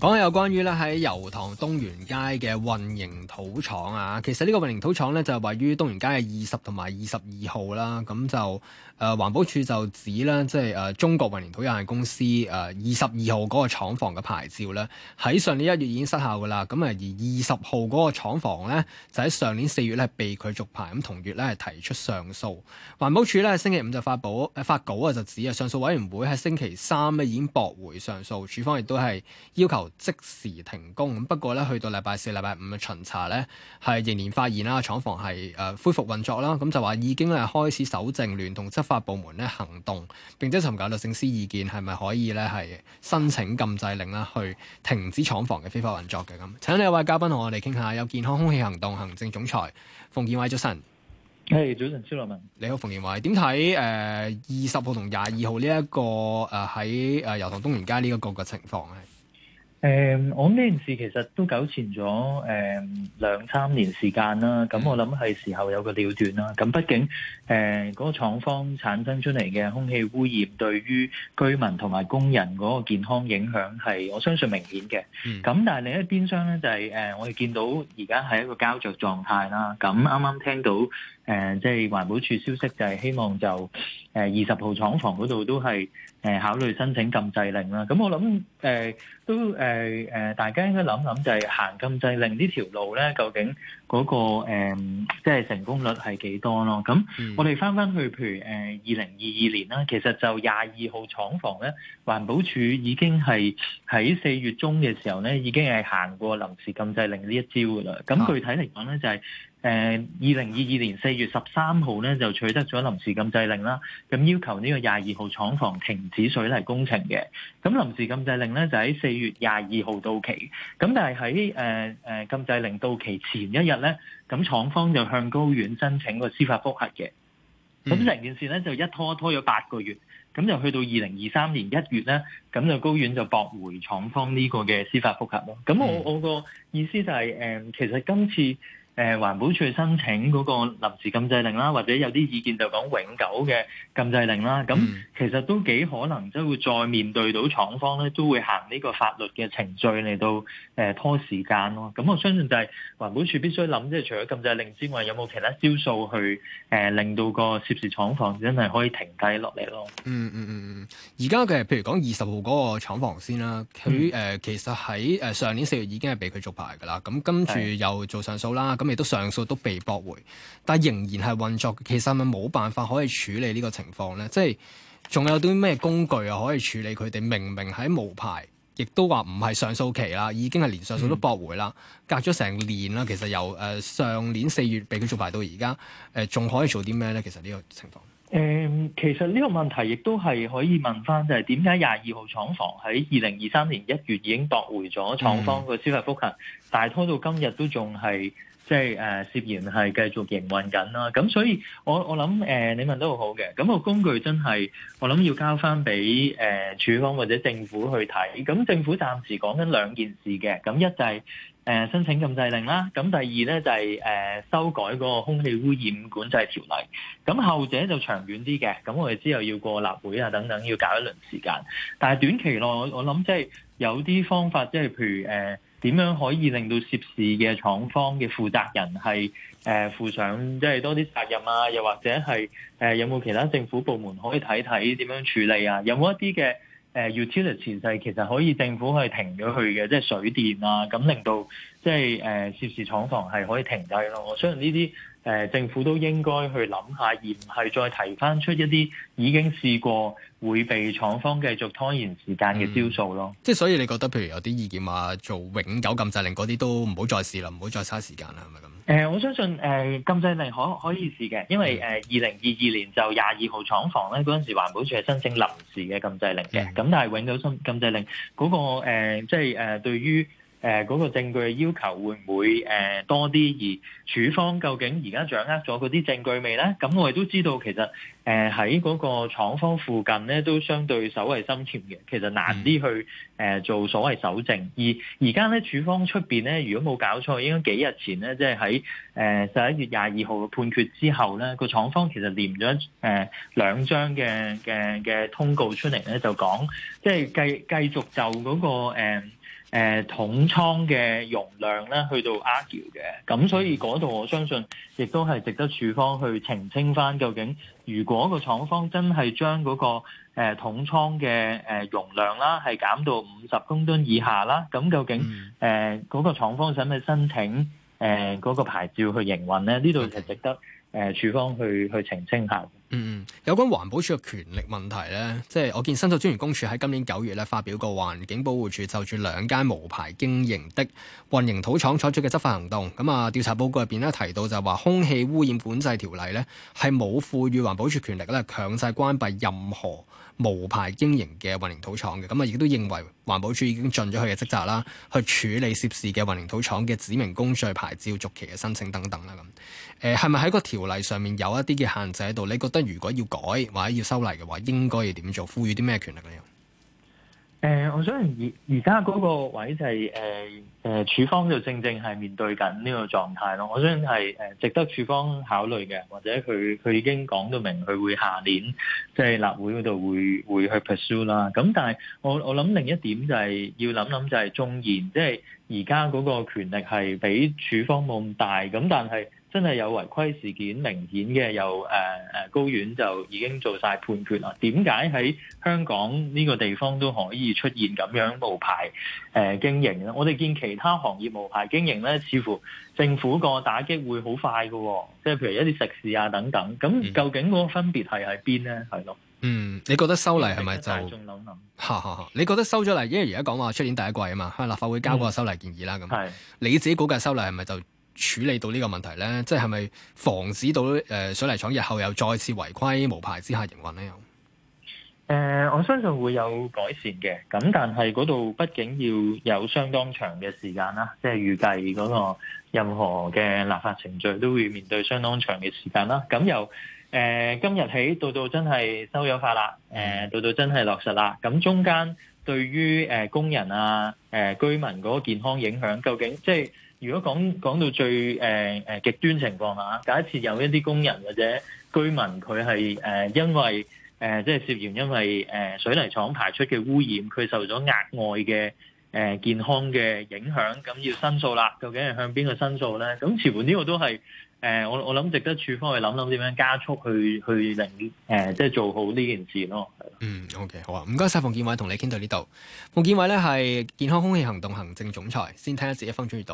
講下有關於咧喺油塘東源街嘅混凝土廠啊，其實呢個混凝土廠呢，就係位於東源街嘅二十同埋二十二號啦。咁就誒環保署就指呢，即係誒中國混凝土有限公司誒二十二號嗰個廠房嘅牌照呢，喺上年一月已經失效噶啦。咁啊而二十號嗰個廠房呢，就喺上年四月呢，被拒續牌，咁同月呢，係提出上訴。環保署呢，星期五就發布發稿啊就指啊上訴委員會喺星期三已經駁回上訴，署方亦都係要求。即時停工咁，不過咧，去到禮拜四、禮拜五嘅巡查咧，係仍然發現啦廠房係誒、呃、恢復運作啦。咁就話已經咧開始蒐證，聯同執法部門咧行動，並且尋求律政司意見，係咪可以咧係申請禁制令啦，去停止廠房嘅非法運作嘅咁。請呢一位嘉賓同我哋傾下，有健康空氣行動行政總裁馮建瑋、hey, 早晨。係早晨，肖樂文你好，馮建瑋點睇誒二十號同廿二號呢一個誒喺誒油塘東源街呢一個嘅情況咧？誒，我呢件事其實都糾纏咗，誒兩三年時間啦。咁我諗係時候有個了斷啦。咁畢竟，誒嗰個廠方產生出嚟嘅空氣污染，對於居民同埋工人嗰個健康影響係，我相信明顯嘅。咁但係另一邊廂咧，就係誒，我哋見到而家係一個膠着狀態啦。咁啱啱聽到。誒，即係環保署消息就係希望就誒二十號廠房嗰度都係誒、呃、考慮申請禁制令啦。咁我諗誒、呃、都誒誒、呃呃，大家應該諗諗就係行禁制令這條呢條路咧，究竟嗰、那個誒即係成功率係幾多咯？咁我哋翻翻去譬如誒二零二二年啦，其實就廿二號廠房咧，環保署已經係喺四月中嘅時候咧，已經係行過臨時禁制令呢一招噶啦。咁具體嚟講咧就係、是。啊誒二零二二年四月十三號咧就取得咗臨時禁制令啦，咁要求呢個廿二號廠房停止水泥工程嘅。咁臨時禁制令咧就喺四月廿二號到期，咁但係喺誒禁制令到期前一日咧，咁廠方就向高院申請個司法覆核嘅。咁成件事咧就一拖一拖咗八個月，咁就去到二零二三年一月咧，咁就高院就駁回廠方呢個嘅司法覆核咯。咁我我個意思就係誒，其實今次。誒、呃、環保署申請嗰個臨時禁制令啦，或者有啲意見就講永久嘅禁制令啦，咁其實都幾可能即係會再面對到廠方咧，都會行呢個法律嘅程序嚟到誒拖時間咯。咁我相信就係環保署必須諗，即係除咗禁制令之外，有冇其他招數去誒、呃、令到個涉事廠房真係可以停低落嚟咯。嗯嗯嗯嗯，而家嘅譬如講二十號嗰個廠房先啦，佢誒其實喺誒、嗯呃呃、上年四月已經係畀佢續牌㗎啦，咁跟住又做上訴啦，咁。亦都上訴都被駁回，但仍然係運作。其實咪冇辦法可以處理呢個情況咧，即係仲有啲咩工具啊可以處理佢哋明明喺無牌，亦都話唔係上訴期啦，已經係連上訴都駁回啦，嗯、隔咗成年啦。其實由誒上年四月被佢做排到而家，誒仲可以做啲咩咧？其實呢個情況誒、嗯、其實呢個問題亦都係可以問翻，就係點解廿二號廠房喺二零二三年一月已經駁回咗廠方個司法覆核，但係、嗯、拖到今日都仲係。即係誒涉嫌係繼續營運緊啦，咁所以我我諗誒你問得好嘅，咁個工具真係我諗要交翻俾誒處方或者政府去睇，咁政府暫時講緊兩件事嘅，咁一就係誒申請禁制令啦，咁第二咧就係誒修改個空氣污染管制條例，咁後者就長遠啲嘅，咁我哋之後要過立會啊等等要搞一輪時間，但係短期內我我諗即係有啲方法，即係譬如誒。點樣可以令到涉事嘅廠方嘅負責人係誒負上即係多啲責任啊？又或者係誒、呃、有冇其他政府部門可以睇睇點樣處理啊？有冇一啲嘅誒 utilities 其實可以政府係停咗去嘅，即係水電啊，咁令到即係誒涉事廠房係可以停低咯。我相信呢啲。誒、呃、政府都應該去諗下，而唔係再提翻出一啲已經試過會被廠方繼續拖延時間嘅招數咯。嗯、即係所以你覺得，譬如有啲意見話做永久禁制令嗰啲都唔好再試啦，唔好再嘥時間啦，係咪咁？誒、呃，我相信誒、呃、禁制令可可以試嘅，因為誒二零二二年就廿二號廠房咧嗰陣時，環保署係申請臨時嘅禁制令嘅。咁、嗯、但係永久禁禁制令嗰、那個、呃、即係誒、呃、對於。誒嗰、呃那個證據嘅要求會唔會誒、呃、多啲？而處方究竟而家掌握咗嗰啲證據未咧？咁我亦都知道其實誒喺嗰個廠方附近咧都相對守衛深潛嘅，其實難啲去誒、呃、做所謂搜證，而而家咧處方出面咧，如果冇搞錯，應該幾前呢、就是呃、日前咧，即係喺誒十一月廿二號嘅判決之後咧，個廠方其實唸咗誒兩張嘅嘅嘅通告出嚟咧，就講即係繼繼續就嗰、那個、呃誒、呃、桶倉嘅容量咧，去到阿 e 嘅，咁所以嗰度我相信亦都係值得處方去澄清翻，究竟如果個廠方真係將嗰、那個誒、呃、桶倉嘅容量啦，係、呃、減到五十公噸以下啦，咁究竟誒嗰、呃嗯、個廠方使唔使申請誒嗰、呃那個牌照去營運咧？呢度就值得誒處、呃、方去去澄清下。嗯嗯，有關環保署嘅權力問題呢即係我見申訴專員公署喺今年九月咧發表過，環境保護署就住兩間無牌經營的混凝土廠採取嘅執法行動。咁啊，調查報告入邊咧提到就係話，空氣污染管制條例呢係冇賦予環保署權力咧強制關閉任何無牌經營嘅混凝土廠嘅。咁啊，亦都認為環保署已經盡咗佢嘅職責啦，去處理涉事嘅混凝土廠嘅指明工序牌照續期嘅申請等等啦。咁誒，係咪喺個條例上面有一啲嘅限制喺度？你覺得？如果要改或者要修例嘅話，應該要點做？呼籲啲咩權力嘅？誒、呃，我想而而家嗰個位就係誒誒，處、呃、方就正正係面對緊呢個狀態咯。我想係誒、呃，值得處方考慮嘅，或者佢佢已經講到明，他明，佢會下年即係立會嗰度會會去 pursue 啦。咁但係我我諗另一點就係、是、要諗諗，就係縱然，即係而家嗰個權力係比處方冇咁大，咁但係。真係有違規事件明顯嘅，又誒誒、呃，高院就已經做晒判決啦。點解喺香港呢個地方都可以出現咁樣無牌誒、呃、經營咧？我哋見其他行業無牌經營咧，似乎政府個打擊會好快嘅、哦，即係譬如一啲食肆啊等等。咁究竟嗰個分別係喺邊咧？係咯？嗯，的你覺得修例係咪就？大眾諗 你覺得修咗例，因為而家講話出年第一季啊嘛，喺立法會交過修例建議啦，咁、嗯。係。你自己估計修例係咪就？處理到呢個問題呢，即係咪防止到誒水泥廠日後又再次違規無牌之下營運呢？又、呃、我相信會有改善嘅。咁但係嗰度畢竟要有相當長嘅時間啦，即係預計嗰個任何嘅立法程序都會面對相當長嘅時間啦。咁由誒、呃、今日起到到真係收咗法啦，誒到到真係落實啦。咁中間對於誒工人啊、誒、呃、居民嗰個健康影響，究竟即係？如果講講到最誒誒、呃、極端情況下，假設有一啲工人或者居民佢係誒，因為誒、呃、即係涉嫌因為誒水泥廠排出嘅污染，佢受咗額外嘅誒、呃、健康嘅影響，咁要申訴啦。究竟係向邊個申訴咧？咁似乎呢個都係誒，我我諗值得處方去諗諗點樣加速去去令誒、呃、即係做好呢件事咯。嗯，OK，好啊，唔該晒。馮建瑋，同你傾到呢度。馮建瑋咧係健康空氣行動行政總裁，先聽一節一分鐘閱讀。